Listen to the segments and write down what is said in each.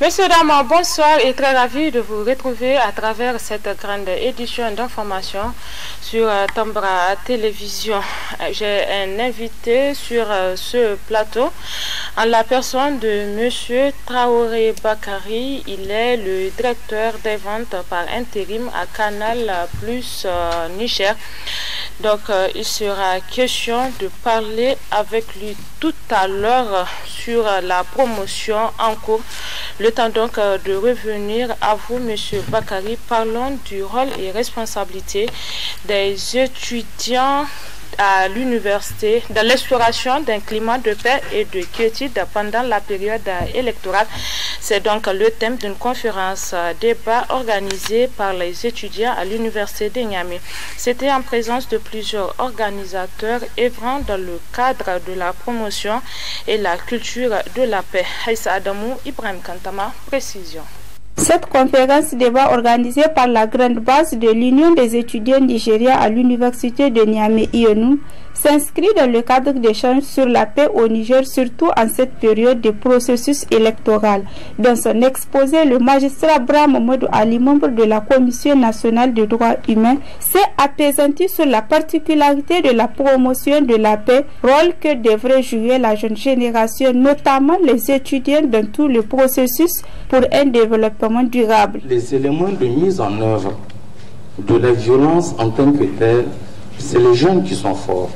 Messieurs, dames, bonsoir et très ravi de vous retrouver à travers cette grande édition d'information sur euh, Tambra Télévision. J'ai un invité sur euh, ce plateau en la personne de Monsieur Traoré Bakari. Il est le directeur des ventes par intérim à Canal Plus euh, Niger. Donc, euh, il sera question de parler avec lui tout à l'heure sur la promotion en cours. Le temps donc euh, de revenir à vous, Monsieur Bakari. Parlons du rôle et responsabilité des étudiants à l'université dans l'exploration d'un climat de paix et de quiétude pendant la période électorale. C'est donc le thème d'une conférence euh, débat organisée par les étudiants à l'université de Niamey. C'était en présence de plusieurs organisateurs évrant dans le cadre de la promotion et la culture de la paix. Aïssa Adamou, Ibrahim Kantama, précision. Cette conférence débat organisée par la grande base de l'Union des étudiants nigériens à l'Université de Niamey-Ionou e s'inscrit dans le cadre d'échanges sur la paix au Niger, surtout en cette période de processus électoral. Dans son exposé, le magistrat Bram Modou Ali, membre de la Commission nationale des droits humains, s'est apaisanti sur la particularité de la promotion de la paix, rôle que devrait jouer la jeune génération, notamment les étudiants dans tout le processus pour un développement durable. Les éléments de mise en œuvre de la violence en tant que telle c'est les jeunes qui sont forts.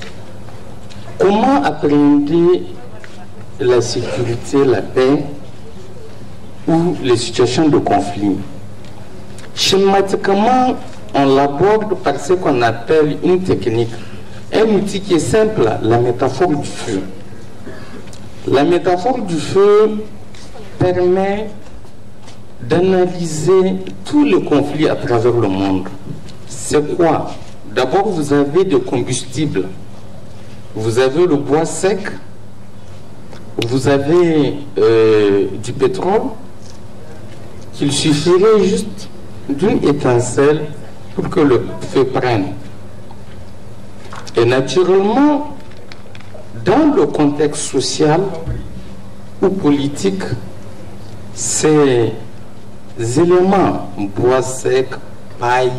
Comment appréhender la sécurité, la paix ou les situations de conflit Schématiquement, on l'aborde par ce qu'on appelle une technique, un outil qui est simple, la métaphore du feu. La métaphore du feu permet d'analyser tous les conflits à travers le monde. C'est quoi D'abord, vous avez des combustibles. Vous avez le bois sec, vous avez euh, du pétrole, qu'il suffirait juste d'une étincelle pour que le feu prenne. Et naturellement, dans le contexte social ou politique, ces éléments, bois sec, paille,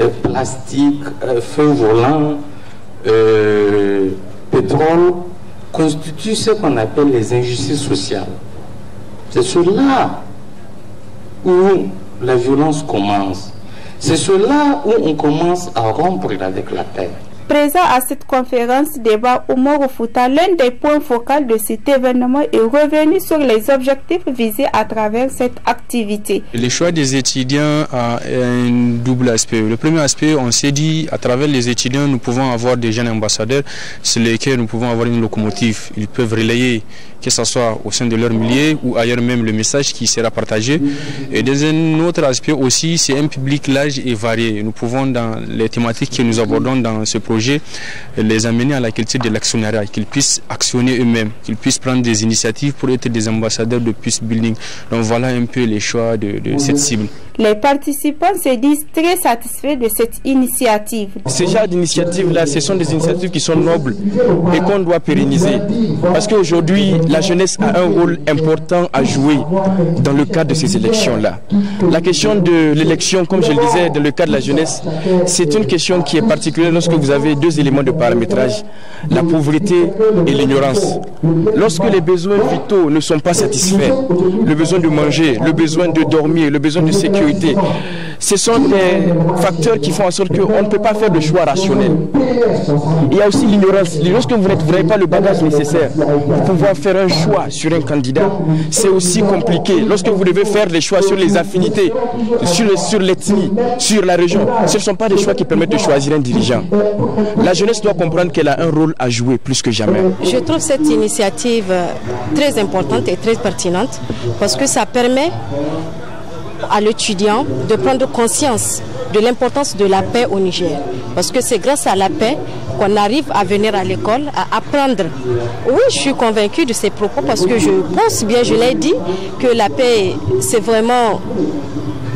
euh, plastique, euh, feu volant, euh, pétrole, constituent ce qu'on appelle les injustices sociales. C'est cela où la violence commence. C'est cela où on commence à rompre avec la paix présent à cette conférence débat, Oumar Futa, l'un des points focaux de cet événement, est revenu sur les objectifs visés à travers cette activité. Le choix des étudiants a un double aspect. Le premier aspect, on s'est dit, à travers les étudiants, nous pouvons avoir des jeunes ambassadeurs sur lesquels nous pouvons avoir une locomotive. Ils peuvent relayer, que ce soit au sein de leur milieu ou ailleurs même, le message qui sera partagé. Et dans un autre aspect aussi, c'est un public large et varié. Nous pouvons, dans les thématiques que nous abordons dans ce projet, les amener à la qualité de l'actionnariat, qu'ils puissent actionner eux-mêmes, qu'ils puissent prendre des initiatives pour être des ambassadeurs de peace building. Donc voilà un peu les choix de cette cible. Les participants se disent très satisfaits de cette initiative. Ces genre dinitiatives là ce sont des initiatives qui sont nobles et qu'on doit pérenniser. Parce qu'aujourd'hui, la jeunesse a un rôle important à jouer dans le cadre de ces élections-là. La question de l'élection, comme je le disais, dans le cadre de la jeunesse, c'est une question qui est particulière lorsque vous avez deux éléments de paramétrage, la pauvreté et l'ignorance. Lorsque les besoins vitaux ne sont pas satisfaits, le besoin de manger, le besoin de dormir, le besoin de sécurité, ce sont des facteurs qui font en sorte qu'on ne peut pas faire de choix rationnels. Il y a aussi l'ignorance. Lorsque vous n'avez pas le bagage nécessaire pour pouvoir faire un choix sur un candidat. C'est aussi compliqué. Lorsque vous devez faire des choix sur les affinités, sur l'ethnie, sur, sur la région, ce ne sont pas des choix qui permettent de choisir un dirigeant. La jeunesse doit comprendre qu'elle a un rôle à jouer plus que jamais. Je trouve cette initiative euh, très importante et très pertinente parce que ça permet à l'étudiant de prendre conscience de l'importance de la paix au Niger. Parce que c'est grâce à la paix qu'on arrive à venir à l'école, à apprendre. Oui, je suis convaincue de ces propos parce que je pense bien, je l'ai dit, que la paix, c'est vraiment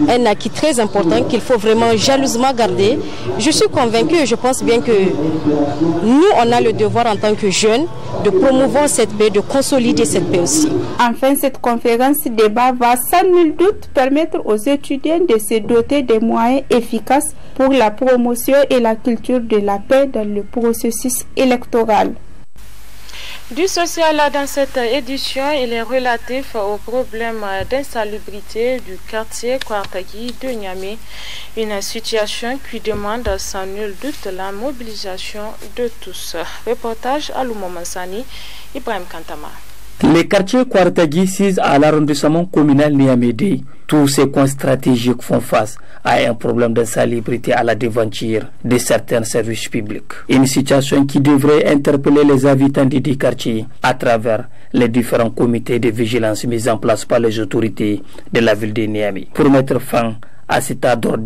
un acquis très important qu'il faut vraiment jalousement garder. Je suis convaincue et je pense bien que nous, on a le devoir en tant que jeunes de promouvoir cette paix, de consolider cette paix aussi. Enfin, cette conférence débat va sans nul doute permettre aux étudiants de se doter des moyens efficaces pour la promotion et la culture de la paix dans le processus électoral. Du social dans cette édition, il est relatif au problème d'insalubrité du quartier Kwartagi de Niamey, une situation qui demande sans nul doute la mobilisation de tous. Reportage à Mansani, Ibrahim Kantama. Les quartiers Kouartagi 6 à l'arrondissement communal Niamédé, tous ces coins stratégiques font face à un problème d'insalubrité à la devanture de certains services publics. Une situation qui devrait interpeller les habitants des dix quartiers à travers les différents comités de vigilance mis en place par les autorités de la ville de Niamey pour mettre fin à cet ordre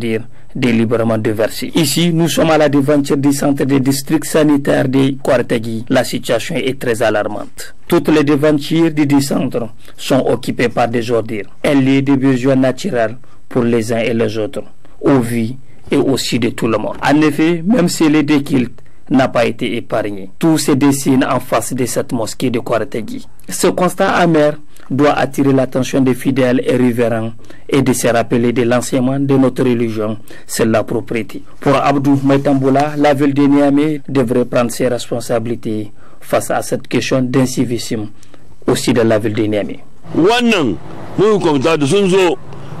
délibérément déversé. Ici, nous sommes à la devanture du centre des district sanitaires de Kwartegui. La situation est très alarmante. Toutes les devantures du centre sont occupées par des ordures. Elle est des besoins naturels pour les uns et les autres, aux vies et aussi de tout le monde. En effet, même si les déquilt n'a pas été épargné. Tout se dessine en face de cette mosquée de Kwartegui. Ce constat amer doit attirer l'attention des fidèles et riverains et de se rappeler de l'enseignement de notre religion, c'est la propriété. Pour Abdou Maitamboula, la ville de Niamey devrait prendre ses responsabilités face à cette question d'incivisme aussi de la ville de Niamey.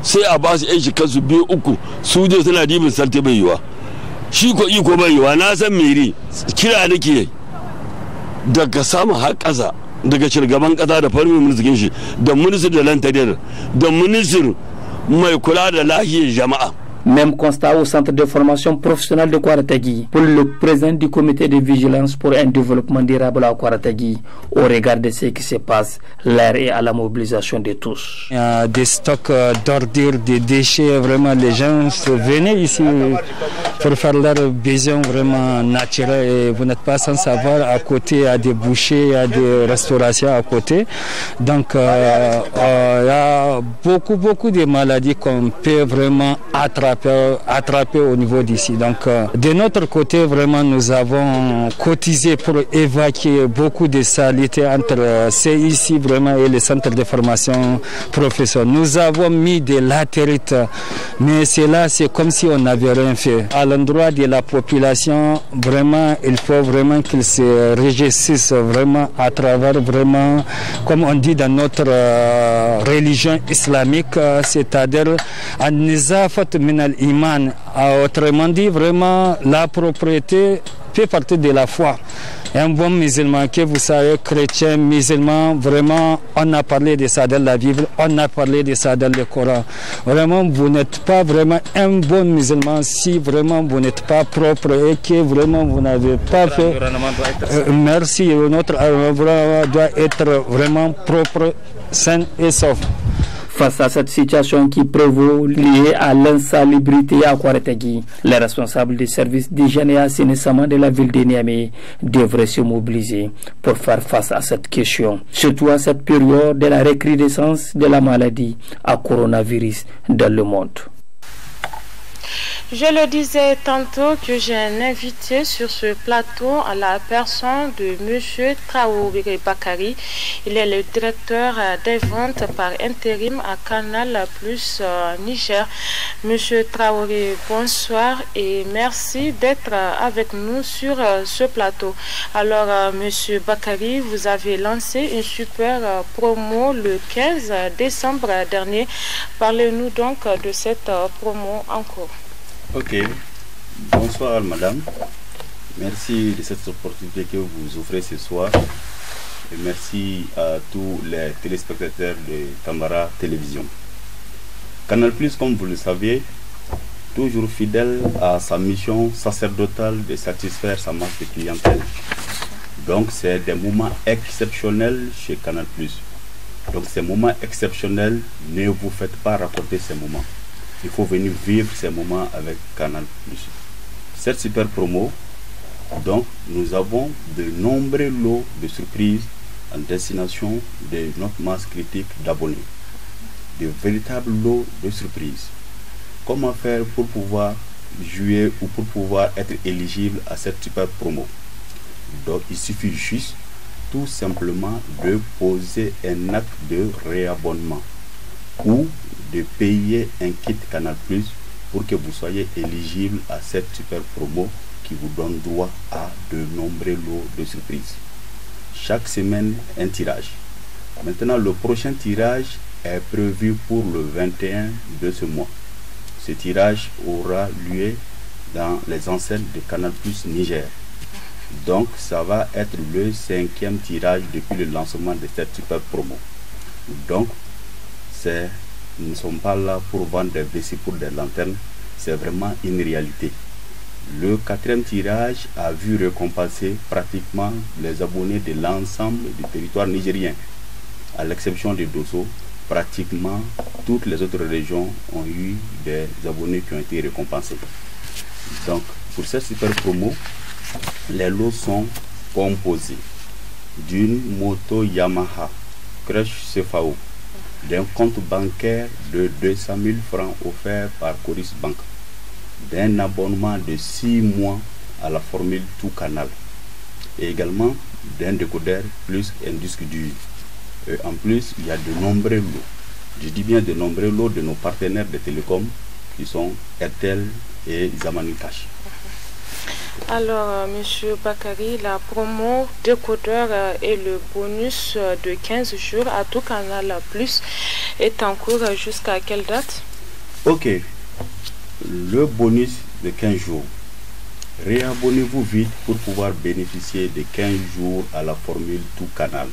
sai a shi biyu uku je suna dibin salte bai yiwa shi ko iko na daga shugaban kasa da farmi ministan shi da ministan da lantarki da minisir mai kula da lahiyar jama'a Même constat au centre de formation professionnelle de Kwaratagi pour le président du comité de vigilance pour un développement durable à Kwaratagi. Au regard de ce qui se passe, l'air est à la mobilisation de tous. Il y a des stocks euh, d'ordures, des déchets, vraiment les gens venaient ici pour faire leur vision vraiment naturelle et vous n'êtes pas sans savoir à côté, à des bouchers, à des restaurations à côté. Donc, euh, euh, il y a beaucoup, beaucoup de maladies qu'on peut vraiment attraper attrapé au niveau d'ici. Donc, euh, de notre côté, vraiment, nous avons cotisé pour évacuer beaucoup de saleté entre euh, ici vraiment et les centres de formation professionnelle. Nous avons mis des latérites, mais cela, c'est comme si on avait rien fait. À l'endroit de la population, vraiment, il faut vraiment qu'ils se réjouissent vraiment à travers vraiment, comme on dit dans notre euh, religion islamique, c'est-à-dire en al a autrement dit, vraiment, la propriété fait partie de la foi. Un bon musulman, que vous savez, chrétien, musulman, vraiment, on a parlé de ça dans la Bible, on a parlé de ça dans le Coran. Vraiment, vous n'êtes pas vraiment un bon musulman si vraiment vous n'êtes pas propre et que vraiment vous n'avez pas fait. Euh, merci, notre arbre doit être vraiment propre, sain et sauf. Face à cette situation qui prévaut liée à l'insalubrité à Kouaretegui, les responsables des services d'hygiène et assainissement de la ville de Niamey devraient se mobiliser pour faire face à cette question, surtout à cette période de la recrudescence de la maladie à coronavirus dans le monde. Je le disais tantôt que j'ai un invité sur ce plateau à la personne de M. Traoré Bakari. Il est le directeur euh, des ventes par intérim à Canal Plus euh, Niger. Monsieur Traoré, bonsoir et merci d'être euh, avec nous sur ce plateau. Alors, Monsieur Bakari, vous avez lancé une super promo le 15 décembre dernier. Parlez-nous donc de cette promo encore. Ok. Bonsoir, madame. Merci de cette opportunité que vous offrez ce soir. Et merci à tous les téléspectateurs de Tamara Télévision. Canal comme vous le savez, toujours fidèle à sa mission sacerdotale de satisfaire sa masse de clientèle. Donc, c'est des moments exceptionnels chez Canal Plus. Donc, ces moments exceptionnels, ne vous faites pas raconter ces moments il faut venir vivre ces moments avec Canal+. Cette super promo, donc, nous avons de nombreux lots de surprises en destination de notre masse critique d'abonnés. De véritables lots de surprises. Comment faire pour pouvoir jouer ou pour pouvoir être éligible à cette super promo Donc, il suffit juste tout simplement de poser un acte de réabonnement ou de payer un kit Canal Plus pour que vous soyez éligible à cette super promo qui vous donne droit à de nombreux lots de surprises. Chaque semaine, un tirage. Maintenant, le prochain tirage est prévu pour le 21 de ce mois. Ce tirage aura lieu dans les enseignes de Canal Plus Niger. Donc, ça va être le cinquième tirage depuis le lancement de cette super promo. Donc, c'est nous ne sommes pas là pour vendre des vessies pour des lanternes. C'est vraiment une réalité. Le quatrième tirage a vu récompenser pratiquement les abonnés de l'ensemble du territoire nigérien. À l'exception de Dosso, pratiquement toutes les autres régions ont eu des abonnés qui ont été récompensés. Donc, pour cette super promo, les lots sont composés d'une moto Yamaha Crush CFAO d'un compte bancaire de 200 000 francs offert par Coris Bank, d'un abonnement de 6 mois à la formule Tout Canal et également d'un décodeur plus un disque dur. en plus, il y a de nombreux lots. Je dis bien de nombreux lots de nos partenaires de télécom qui sont Airtel et Zamani alors, euh, Monsieur Bakary, la promo décodeur euh, et le bonus euh, de 15 jours à tout canal plus est en cours jusqu'à quelle date Ok. Le bonus de 15 jours. Réabonnez-vous vite pour pouvoir bénéficier de 15 jours à la formule tout canal.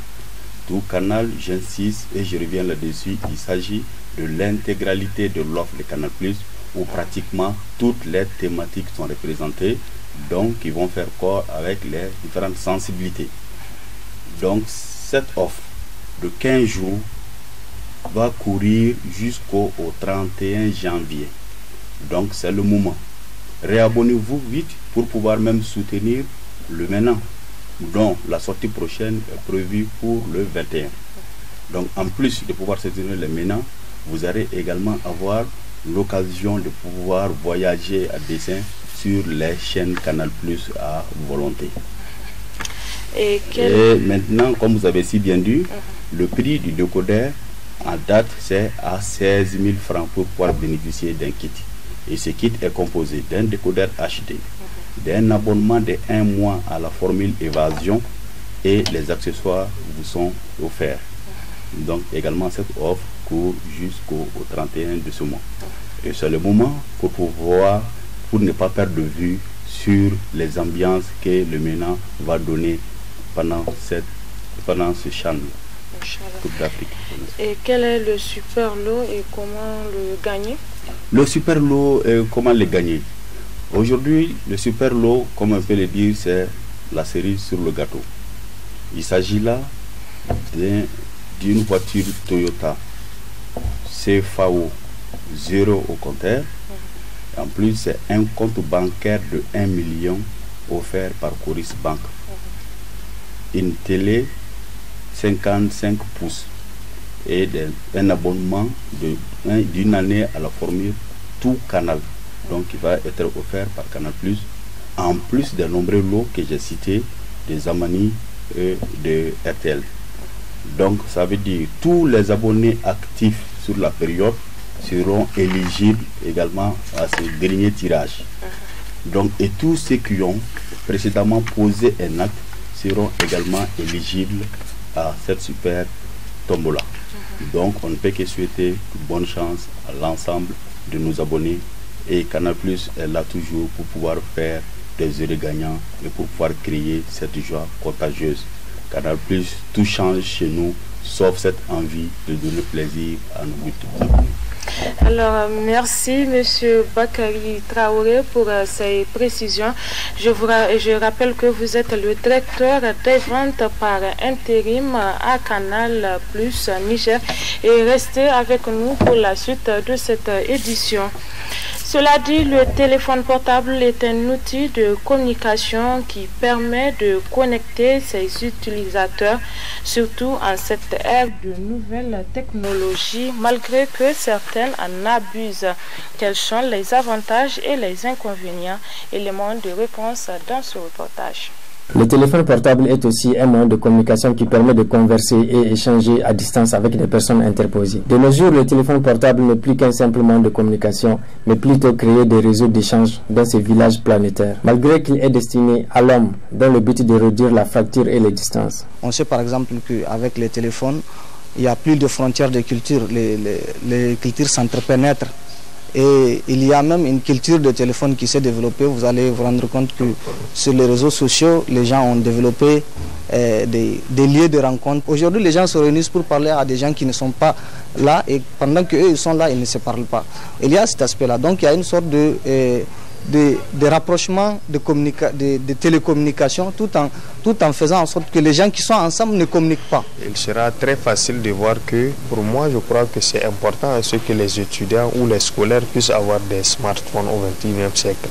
Tout canal, j'insiste et je reviens là-dessus, il s'agit de l'intégralité de l'offre de Canal Plus où pratiquement toutes les thématiques sont représentées donc ils vont faire corps avec les différentes sensibilités. Donc cette offre de 15 jours va courir jusqu'au 31 janvier. Donc c'est le moment. Réabonnez-vous vite pour pouvoir même soutenir le maintenant, dont la sortie prochaine est prévue pour le 21. Donc en plus de pouvoir soutenir le maintenant, vous allez également avoir l'occasion de pouvoir voyager à Dessin sur les chaînes Canal Plus à volonté. Et, maintenant, comme vous avez si bien dit, le prix du décodeur en date, c'est à 16 000 francs pour pouvoir bénéficier d'un kit. Et ce kit est composé d'un décodeur HD, d'un abonnement de un mois à la formule évasion et les accessoires vous sont offerts. Donc également cette offre court jusqu'au 31 de ce mois. Et c'est le moment pour pouvoir pour ne pas perdre de vue sur les ambiances que le ménage va donner pendant, cette, pendant ce champ Coupe d'Afrique. Et quel est le super lot et comment le gagner Le super lot, et euh, comment le gagner Aujourd'hui, le super lot, comme on peut le dire, c'est la série sur le gâteau. Il s'agit là d'une voiture Toyota CFAO 0 au compteur en plus, c'est un compte bancaire de 1 million offert par Coris Bank. Une télé 55 pouces et un abonnement d'une année à la formule tout canal. Donc, il va être offert par Canal Plus, en plus des nombreux lots que j'ai cités, des Amani et de RTL. Donc, ça veut dire tous les abonnés actifs sur la période seront éligibles également à ce dernier tirage. Uh-huh. Donc, et tous ceux qui ont précédemment posé un acte seront également éligibles à cette super tombola. Uh-huh. Donc, on ne peut que souhaiter bonne chance à l'ensemble de nos abonnés. Et Canal Plus est là toujours pour pouvoir faire des heureux gagnants et pour pouvoir créer cette joie contagieuse. Canal Plus, tout change chez nous, sauf cette envie de donner plaisir à nos abonnés. Alors, euh, merci, Monsieur Bakari Traoré, pour euh, ces précisions. Je, je rappelle que vous êtes le directeur des ventes par intérim à Canal Plus Niger et restez avec nous pour la suite de cette édition. Cela dit, le téléphone portable est un outil de communication qui permet de connecter ses utilisateurs, surtout en cette ère de nouvelles technologies, malgré que certaines en abusent. Quels sont les avantages et les inconvénients Éléments de réponse dans ce reportage. Le téléphone portable est aussi un moyen de communication qui permet de converser et échanger à distance avec des personnes interposées. De nos jours, le téléphone portable n'est plus qu'un simple mode de communication, mais plutôt créer des réseaux d'échange dans ces villages planétaires, malgré qu'il est destiné à l'homme dans le but de réduire la facture et les distances. On sait par exemple qu'avec les téléphones, il n'y a plus de frontières de culture, les, les, les cultures s'entrepénètrent. Et il y a même une culture de téléphone qui s'est développée. Vous allez vous rendre compte que sur les réseaux sociaux, les gens ont développé euh, des, lieux de rencontre. Aujourd'hui, les gens se réunissent pour parler à des gens qui ne sont pas là et pendant qu'eux, ils sont là, ils ne se parlent pas. Il y a cet aspect-là. Donc, il y a une sorte de... Euh, des, rapprochements de, télécommunications tout en, tout en faisant en sorte que les gens qui sont ensemble ne communiquent pas. Il sera très facile de voir que, pour moi, je crois que c'est important à ce que les étudiants ou les scolaires puissent avoir des smartphones au XXIe siècle.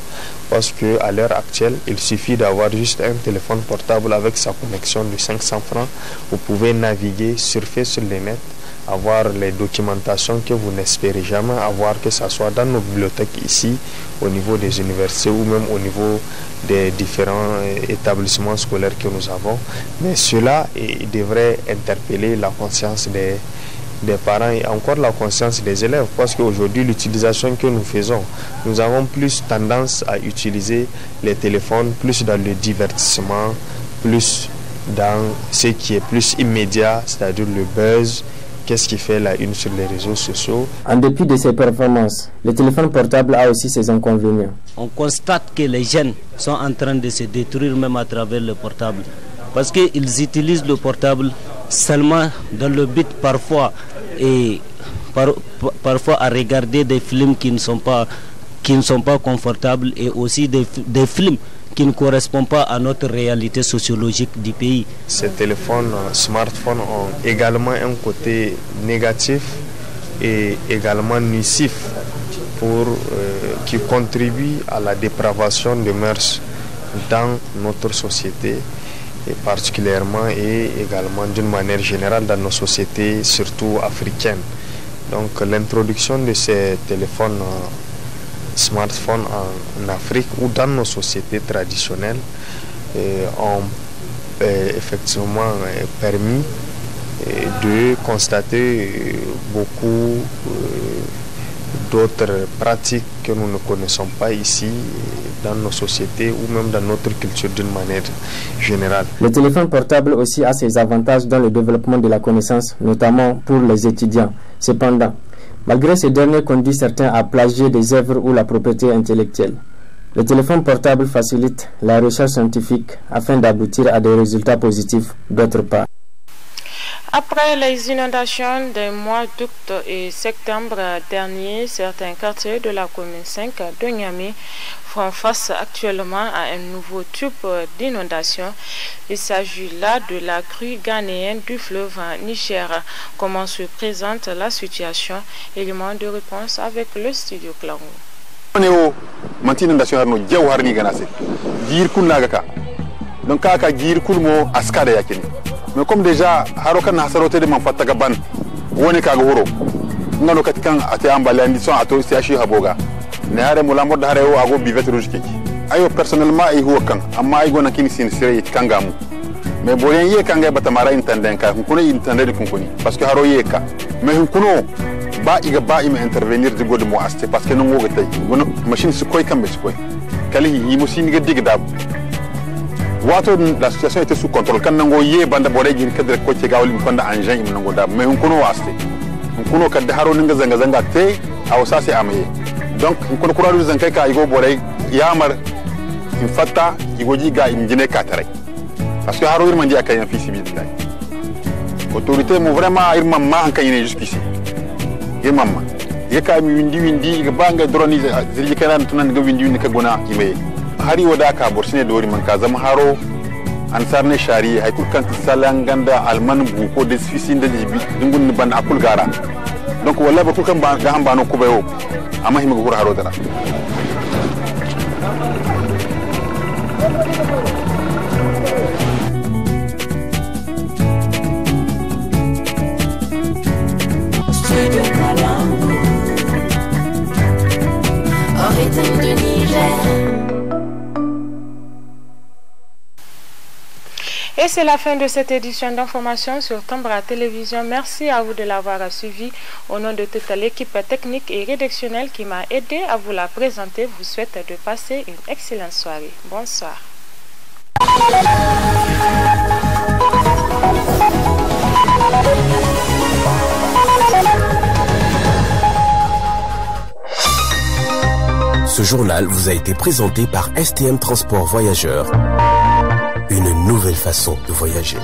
Parce qu'à l'heure actuelle, il suffit d'avoir juste un téléphone portable avec sa connexion de 500 francs. Vous pouvez naviguer, surfer sur les nets avoir les documentations que vous n'espérez jamais avoir, que ce soit dans nos bibliothèques ici, au niveau des universités ou même au niveau des différents euh, établissements scolaires que nous avons. Mais cela devrait interpeller la conscience des, parents et encore la conscience des élèves parce qu'aujourd'hui l'utilisation que nous faisons, nous avons plus tendance à utiliser les téléphones plus dans le divertissement, plus dans ce qui est plus immédiat, c'est-à-dire le buzz, Qu'est-ce qui fait la une sur les réseaux sociaux En dépit de ses performances, le téléphone portable a aussi ses inconvénients. On constate que les jeunes sont en train de se détruire même à travers le portable. Parce qu'ils utilisent le portable seulement dans le but parfois et parfois à regarder des films qui ne sont pas qui ne sont pas confortables et aussi des films qui ne correspond pas à notre réalité sociologique du pays. Ces téléphones, euh, smartphones ont également un côté négatif et également nuisif pour, euh, qui contribue à la dépravation des mœurs dans notre société et particulièrement et également d'une manière générale dans nos sociétés, surtout africaines. Donc l'introduction de ces téléphones euh, smartphones en, en, Afrique ou dans nos sociétés traditionnelles euh, ont euh, effectivement euh, permis de constater beaucoup d'autres pratiques que nous ne connaissons pas ici dans nos sociétés ou même dans notre culture d'une manière générale. Le téléphone portable aussi a ses avantages dans le développement de la connaissance, notamment pour les étudiants. Cependant, Malgré ces derniers conduit certains à plagier des œuvres ou la propriété intellectuelle. Le téléphone portable facilite la recherche scientifique afin d'aboutir à des résultats positifs, d'autre part. Après les inondations des mois d'août et septembre dernier, certains quartiers de la commune 5 de Niamey font face actuellement à un nouveau type d'inondation. Il s'agit là de la crue ghanéenne du fleuve Niger. Comment se présente la situation Élément de réponse avec le studio Clarou. mais comme déjà haro na hasaro de man fatta gaban woni kaga wuro na kat kan ate ambale andi son ato siashi haboga ne hare mula da hare o ago bivet rouge kiki ayo personnellement ay huwa kan amma ay gona kini sin sire yit kangamu mais boyen ye kanga bata mara intenden ka kuno intenden kun kuni parce que haro ye ka mais kuno ba iga ba ima intervenir di godo mo aste parce que non woga tay machine su koy kambe su koy kali yi musini ga digda la situation était sous contrôle On banda de on a mais on waste on kono kadda haro ninga zanga zanga te a amaye donc on a kuraru zankai ka igo a yamar in fatta igo un im parce que haro irman dia a fi sibilillah autorité vraiment ma vraiment jusqu'ici mi windi windi ga hari wada ka ne dori man ka zama haro an ne shari hay kul kan salan ganda alman bu ko de fisin da jibi dungun ban akul gara donc wallahi ba kul kan ba ga ku bayo amma himi gur haro dana Studio de Et c'est la fin de cette édition d'information sur Tambra Télévision. Merci à vous de l'avoir suivi. Au nom de toute l'équipe technique et rédactionnelle qui m'a aidé à vous la présenter, vous souhaite de passer une excellente soirée. Bonsoir. Ce journal vous a été présenté par STM Transport Voyageurs une nouvelle façon de voyager.